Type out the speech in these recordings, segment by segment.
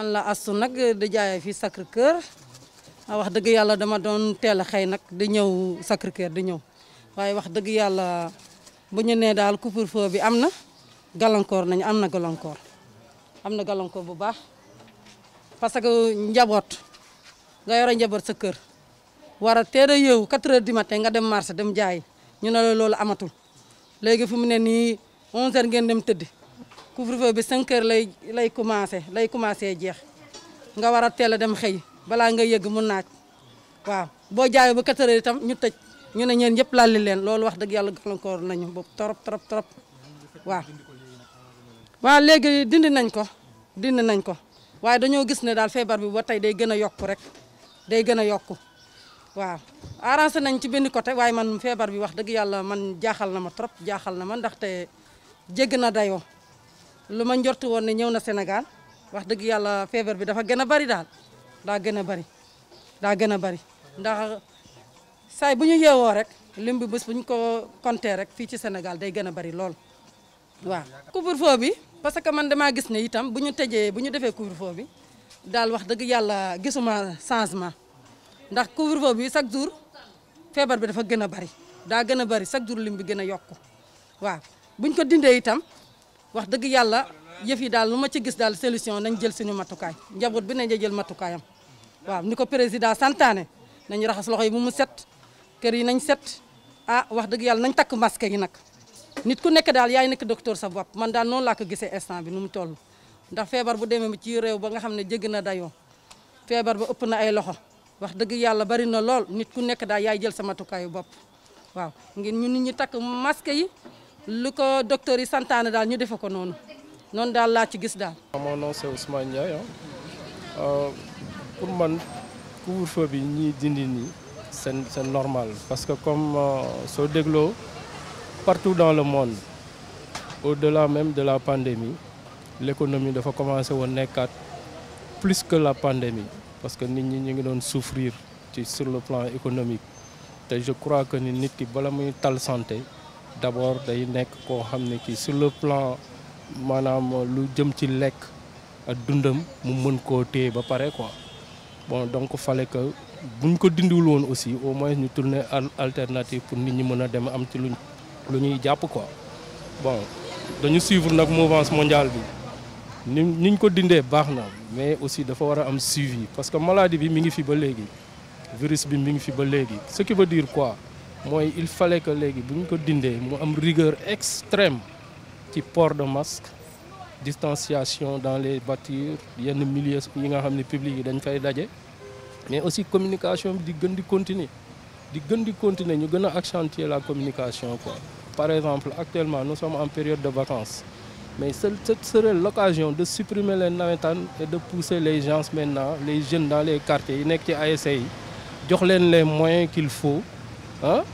man la astu nag di jaayee fii Sacré a ah, wax dëgg yàlla dama doon teel a xëy nag di ñëw Sacré Cœur di ñëw waaye wax dëgg yàlla bu ñu nee daal couvre-feu bi am na gàllankoor nañ am na gàllankoor am na gàllankoor bu baax parce que njaboot nga yore njaboot sa kër war a teel a yeewu 4 heures du matin nga dem marché dem jaay ñu ne loolu amatul léegi fu mu ne nii 11 heures ngeen dem tëdd couvre-feu bi 5 heures lay lay commencé lay commencé jeex nga war a teel a dem xëy balaa nga yëgg mu naaj waaw boo jaayoo ba 4 heures itam ñu tëj ñu ne ñeen ñëpp lalli leen loolu wax dëgg yàlla gàllankoor nañu boobu trop trop trop waaw. léegi dindi nañ ko dindi nañ ko waaye dañoo gis ne daal feebar bi ba tey day gën a yokku rek day gën a yokku waaw arrangé nañ ci benn côté waaye man feebar bi wax dëgg yàlla man jaaxal na ma trop jaaxal na ma ndaxte jégg na dayoo. lu ma njortu woon ne ñëw na Sénégal wax dëgg yàlla feebar bi dafa gën a bari daal daa gën a bari daa gën a bari ndax saay bu ñu yeewoo rek lim bu ñu ko compter rek fii ci Sénégal day gën a bari lool waaw. couvre-feu bi parce que man damaa gis ne itam bu ñu tëjee bu ñu defee couvre-feu bi daal wax dëgg yàlla gisuma changement ndax couvre-feu bi chaque jour feebar bi dafa gën a bari daa gën a bari chaque jour lim bi gën a yokku waaw bu ñu ko dindee itam. wax dëgg yàlla yëf yi daal lu ma ci gis daal solution nañ jël suñu matukaay njaboot bi nañ jël matukaayam waaw ni ko président santaane nañ raxas loxo yi bu mu set kër yi nañ set ah wax dëgg yàlla nañ takk masque yi nag nit ku nekk daal yaay nekk docteur sa bopp man daal noon laa ko gisee instant bi nu mu toll ndax feebar bu demee ci réew ba nga xam ne jéggi na dayoo feebar bu ëpp na ay loxo wax dëgg yàlla bari na lool nit ku nekk daal yaay jël sa matukaayu bopp lu ko docteur yi santaane daal ñu defe ko noonu noonu daal laa ci gis daal. mon nom c'est Ousmane Ndiaye euh, pour man couvre-feu bi ñuy dindi nii c'est c'est normal parce que comme euh, soo dégloo partout dans le monde au-delà même de la pandémie l'économie dafa commencé woon nekkaat plus que la pandémie parce que nit ñi ñu ngi doon souffrir ci sur le plan économique te je crois que ni nit ki bala muy tal santé. d'abord day nekk koo xam ne kii sur le plan maanaam lu jëm ci lekk ak dundam mu mën koo téye ba pare quoi bon donc fallait que buñ ko dindiwul woon aussi au moins ñu tourner alternative pour nit ñi mën a dem am ci luñ lu ñuy jàpp quoi bon dañu suivre nag mouvance mondiale bi ni niñ ko dindee baax na mais aussi dafa war a am suivi parce que maladie bi mi ngi fi ba léegi virus bi mi ngi fi ba léegi ce qui veut dire quoi mooy il fallait que léegi bu ñu ko dindee mu am rigueur extrême ci port de masque distanciation dans les bâtiments yenn milliers yi nga xam ne public yi dañ fay daje mais aussi communication bi di gën di continuer di gën di continuer ñu gën a accentuer la communication quoi par exemple actuellement nous sommes en période de vacances mais ce serait l'occasion de supprimer leen nawetaan et de pousser les gens maintenant les jeunes dans les quartiers yi nekk ci ASC e yi jox leen les moyens qu'il faut ah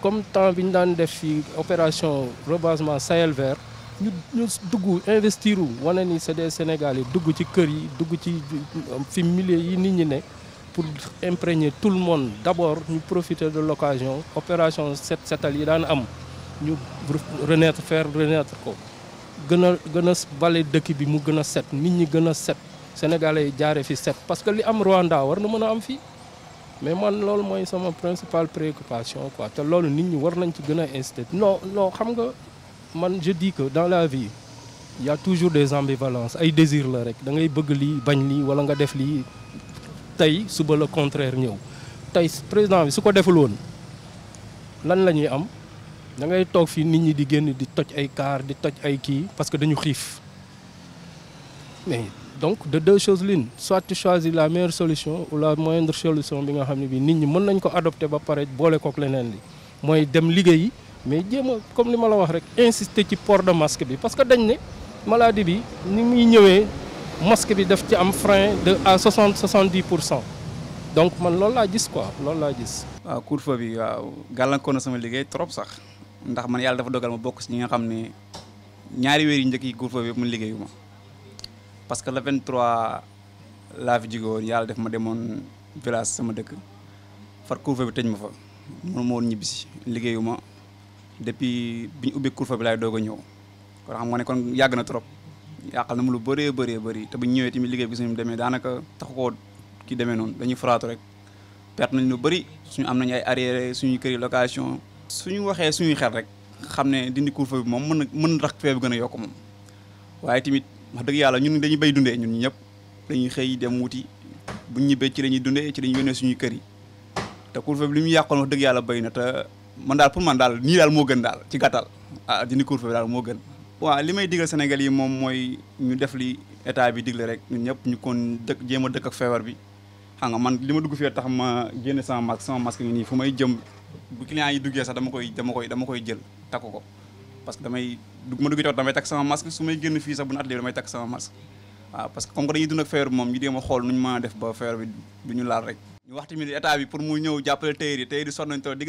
comme temps bi ñu daan def fii opération rebasement Sahel vert ñu ñu dugg investir wu wane ni c'est des Sénégalais dugg ci kër yi dugg ci fi milliers yi nit ñi ne pour imprégner tout le monde d'abord ñu profiter de l'occasion opération set setal yi daan am ñu renaître faire renaitre ko gën a gën a bale dëkk bi mu gën a set nit ñi gën a set Sénégalais yi jaare fi set parce que li am Rwanda war na mën a am fii mais man loolu mooy sama principale préoccupation quoi te loolu nit ñi war nañ ci gën a incité non non xam nga man je dis que dans la vie il toujours des ambivalences ay désir la rek dangay bëgg lii bañ lii wala nga def lii tey suba le contraire ñëw tey président bi su ko deful woon lan la ñuy am da ngay toog fii nit ñi di génn di toj ay kaar di toj ay kii parce que dañu xiif donc de deux choses line soit tu choisis la meilleure solution ou la moindre solution bi nga xam ne bii nit ñi mën nañ ko adopté ba pare boole kook leneen li mooy dem liggéeyi mais jéem a comme li ma la wax rek insister ci port de masque bi parce que dañ ne maladie bi ni muy ñëwee masque bi daf ci am frein de à soixante soixante dix pour cent donc man loolu laa gis quoi loolu laa gis. waaw couvre bi waaw gàllankoor na sama liggéey trop sax ndax man yàlla dafa dogal ma bokk si ñi nga xam ne ñaari weer yu njëkk yi couvre-feu bi mu liggéeyuma. parce que la le trois laa fi jóge woon yàlla def ma demoon village sama dëkk far couvre-feu bi tëj ma fa mënu ma ñibbisi liggéeyu ma depuis bi ñu ubbi couvre-feu bi laay doog a ñëw kon xam nga ne kon yàgg na trop yàqal na mu lu bëree bëree bari te bu ñëwee tamit liggéey bi suñu demee daanaka taxu koo ki demee noonu dañuy faraatu rek perte nañ lu bëri suñu am nañu ay arriéré suñu këri location suñu waxee suñu xel rek xam ne dindi couvre-feu bi moom mën na mën rax fee gën a yokk moom wax dëgg yàlla ñun dañuy béy dundee ñun ñëpp dañuy xëy dem wuti bu ñu ñibbee ci la ñuy dundee ci la ñuy yónnee suñuy kër yi te couvre-feu bi li ñu yàqoon wax dëgg yàlla béy na te man daal pour man daal nii daal moo gën daal ci gàttal ah dindi couvre-feu bi daal moo gën waaw li may digal Sénégal yi moom mooy ñu def li état bi digle rek ñun ñëpp ñu kon dëkk jéem a dëkk feebar bi xam nga man li ma dugg fii tax ma génne sama masque sama masque ngi nii fu may jëm bu client yi duggee sax dama koy dama koy dama koy jël takku ko du damay takk sama masque su may génn fii sax bu ñu atelier damay takk sama masque waaw parce que comme que dañuy dund ak feebar bi moom ñu jéem xool nu ñu mën def ba feebar bi du laal rek ñu wax tamit état bi pour mu ñëw jàppale tailleur yi tailleur yi sonn nañ trop